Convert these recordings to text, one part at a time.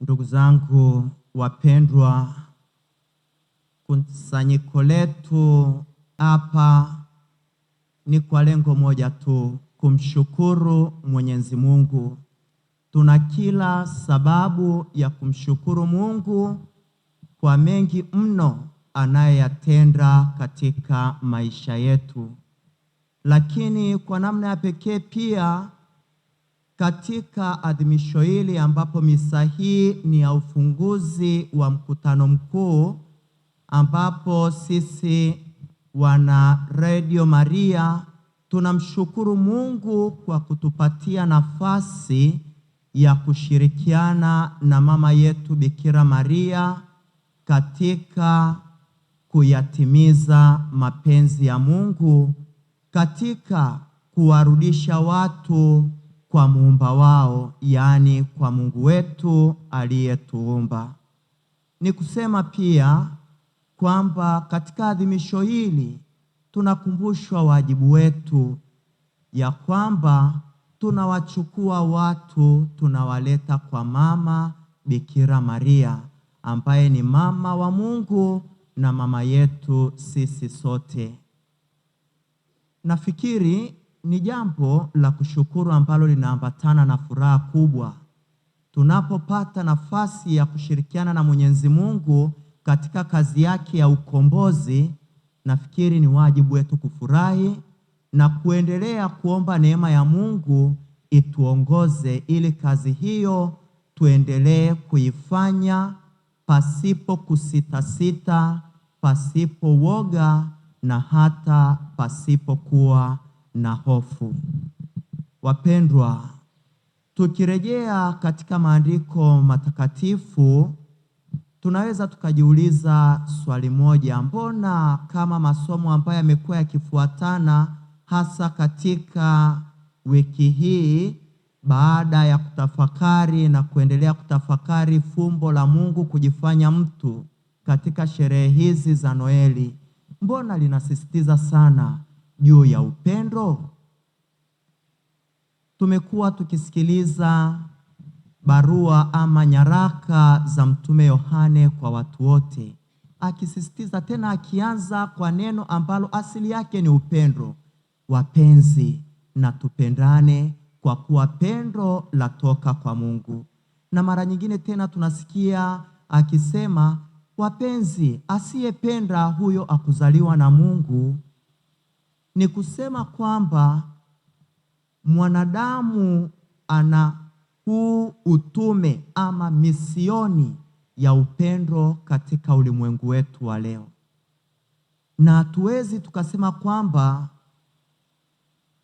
Ndugu zangu wapendwa, kusanyiko letu hapa ni kwa lengo moja tu, kumshukuru Mwenyezi Mungu. Tuna kila sababu ya kumshukuru Mungu kwa mengi mno anayeyatenda katika maisha yetu, lakini kwa namna ya pekee pia katika adhimisho hili ambapo misa hii ni ya ufunguzi wa mkutano mkuu ambapo sisi wana Radio Maria tunamshukuru Mungu kwa kutupatia nafasi ya kushirikiana na mama yetu Bikira Maria katika kuyatimiza mapenzi ya Mungu katika kuwarudisha watu kwa muumba wao, yaani kwa Mungu wetu aliyetuumba. Ni kusema pia kwamba katika adhimisho hili tunakumbushwa wajibu wetu ya kwamba tunawachukua watu tunawaleta kwa mama Bikira Maria ambaye ni mama wa Mungu na mama yetu sisi sote. Nafikiri ni jambo la kushukuru ambalo linaambatana na furaha kubwa tunapopata nafasi ya kushirikiana na Mwenyezi Mungu katika kazi yake ya ukombozi. Nafikiri ni wajibu wetu kufurahi na kuendelea kuomba neema ya Mungu ituongoze ili kazi hiyo tuendelee kuifanya pasipo kusitasita, pasipo woga na hata pasipokuwa na hofu. Wapendwa, tukirejea katika maandiko matakatifu tunaweza tukajiuliza swali moja, mbona kama masomo ambayo yamekuwa yakifuatana hasa katika wiki hii, baada ya kutafakari na kuendelea kutafakari fumbo la Mungu kujifanya mtu katika sherehe hizi za Noeli, mbona linasisitiza sana juu ya upendo? Tumekuwa tukisikiliza barua ama nyaraka za Mtume Yohane kwa watu wote, akisisitiza tena, akianza kwa neno ambalo asili yake ni upendo: wapenzi, na tupendane kwa kuwa pendo latoka kwa Mungu. Na mara nyingine tena tunasikia akisema, wapenzi, asiyependa huyo akuzaliwa na Mungu ni kusema kwamba mwanadamu ana huu utume ama misioni ya upendo katika ulimwengu wetu wa leo, na hatuwezi tukasema kwamba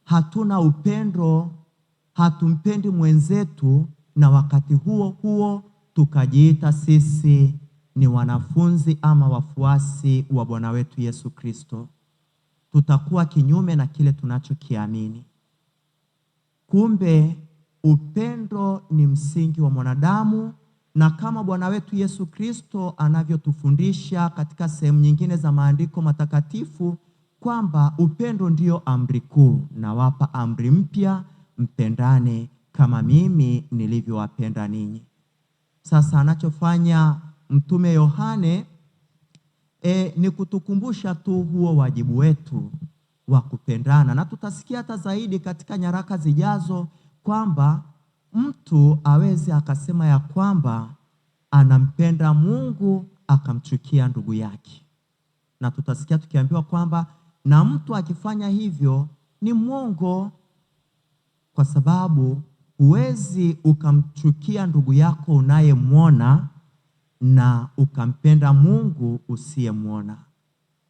hatuna upendo, hatumpendi mwenzetu, na wakati huo huo tukajiita sisi ni wanafunzi ama wafuasi wa Bwana wetu Yesu Kristo tutakuwa kinyume na kile tunachokiamini. Kumbe upendo ni msingi wa mwanadamu, na kama Bwana wetu Yesu Kristo anavyotufundisha katika sehemu nyingine za maandiko matakatifu kwamba upendo ndio amri kuu, nawapa amri mpya, mpendane kama mimi nilivyowapenda ninyi. Sasa anachofanya Mtume Yohane e, ni kutukumbusha tu huo wajibu wetu wa kupendana, na tutasikia hata zaidi katika nyaraka zijazo kwamba mtu aweze akasema ya kwamba anampenda Mungu akamchukia ndugu yake, na tutasikia tukiambiwa kwamba na mtu akifanya hivyo ni mwongo, kwa sababu huwezi ukamchukia ndugu yako unayemwona na ukampenda Mungu usiyemwona.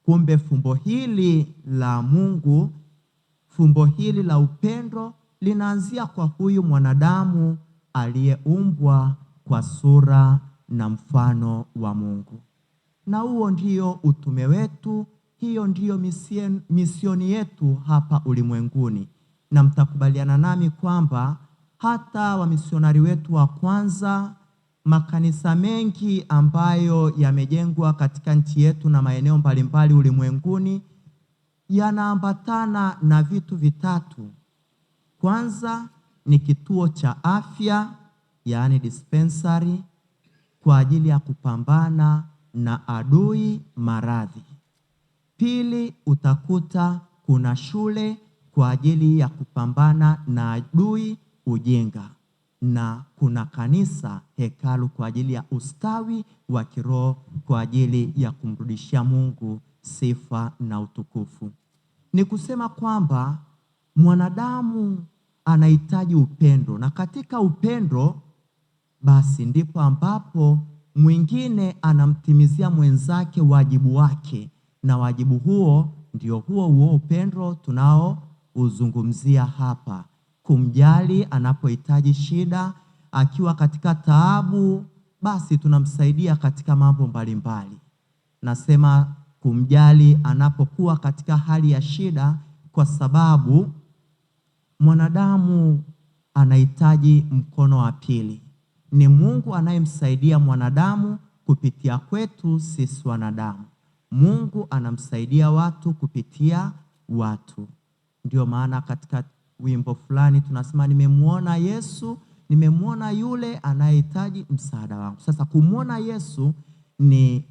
Kumbe fumbo hili la Mungu, fumbo hili la upendo linaanzia kwa huyu mwanadamu aliyeumbwa kwa sura na mfano wa Mungu, na huo ndio utume wetu, hiyo ndiyo misioni yetu hapa ulimwenguni. Na mtakubaliana nami kwamba hata wamisionari wetu wa kwanza makanisa mengi ambayo yamejengwa katika nchi yetu na maeneo mbalimbali ulimwenguni yanaambatana na vitu vitatu. Kwanza ni kituo cha afya, yaani dispensary, kwa ajili ya kupambana na adui maradhi. Pili, utakuta kuna shule kwa ajili ya kupambana na adui ujinga na kuna kanisa hekalu kwa ajili ya ustawi wa kiroho, kwa ajili ya kumrudishia Mungu sifa na utukufu. Ni kusema kwamba mwanadamu anahitaji upendo, na katika upendo basi ndipo ambapo mwingine anamtimizia mwenzake wajibu wake, na wajibu huo ndio huo huo upendo uzungumzia hapa kumjali anapohitaji shida, akiwa katika taabu, basi tunamsaidia katika mambo mbalimbali. Nasema kumjali anapokuwa katika hali ya shida, kwa sababu mwanadamu anahitaji mkono wa pili. Ni Mungu anayemsaidia mwanadamu kupitia kwetu sisi wanadamu. Mungu anamsaidia watu kupitia watu, ndio maana katika wimbo fulani tunasema, nimemwona Yesu, nimemwona yule anayehitaji msaada wangu. Sasa kumwona Yesu ni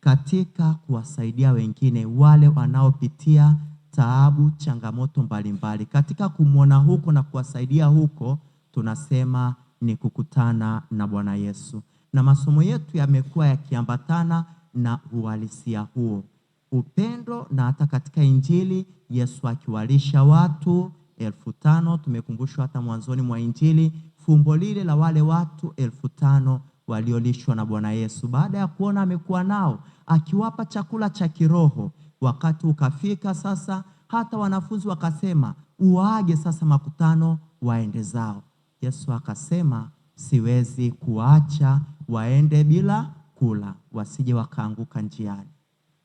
katika kuwasaidia wengine wale wanaopitia taabu, changamoto mbalimbali mbali. Katika kumwona huko na kuwasaidia huko tunasema ni kukutana na Bwana Yesu, na masomo yetu yamekuwa yakiambatana na uhalisia huo, upendo, na hata katika Injili Yesu akiwalisha watu elfu tano. Tumekumbushwa hata mwanzoni mwa Injili fumbo lile la wale watu elfu tano waliolishwa na Bwana Yesu. Baada ya kuona amekuwa nao akiwapa chakula cha kiroho, wakati ukafika sasa, hata wanafunzi wakasema, uwaage sasa makutano waende zao. Yesu akasema, siwezi kuacha waende bila kula, wasije wakaanguka njiani.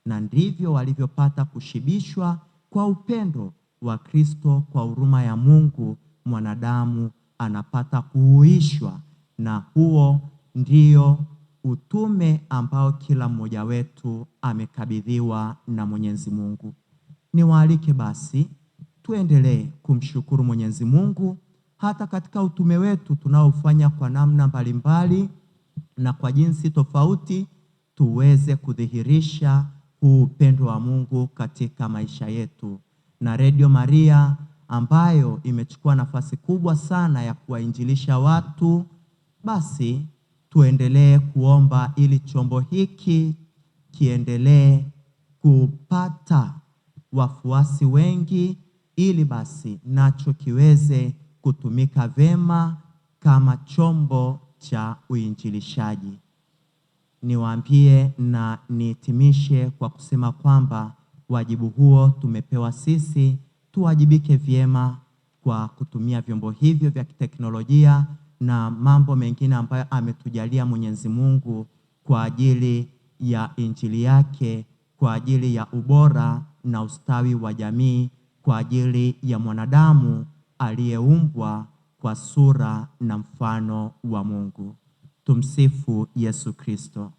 Na ndivyo walivyopata kushibishwa kwa upendo wa Kristo kwa huruma ya Mungu, mwanadamu anapata kuhuishwa, na huo ndio utume ambao kila mmoja wetu amekabidhiwa na Mwenyezi Mungu. Niwaalike basi tuendelee kumshukuru Mwenyezi Mungu hata katika utume wetu tunaofanya kwa namna mbalimbali na kwa jinsi tofauti, tuweze kudhihirisha huu upendo wa Mungu katika maisha yetu na Radio Maria ambayo imechukua nafasi kubwa sana ya kuwainjilisha watu, basi tuendelee kuomba ili chombo hiki kiendelee kupata wafuasi wengi, ili basi nacho kiweze kutumika vema kama chombo cha uinjilishaji. Niwaambie na nihitimishe kwa kusema kwamba Wajibu huo tumepewa sisi, tuwajibike vyema kwa kutumia vyombo hivyo vya kiteknolojia na mambo mengine ambayo ametujalia Mwenyezi Mungu kwa ajili ya Injili yake, kwa ajili ya ubora na ustawi wa jamii, kwa ajili ya mwanadamu aliyeumbwa kwa sura na mfano wa Mungu. Tumsifu Yesu Kristo.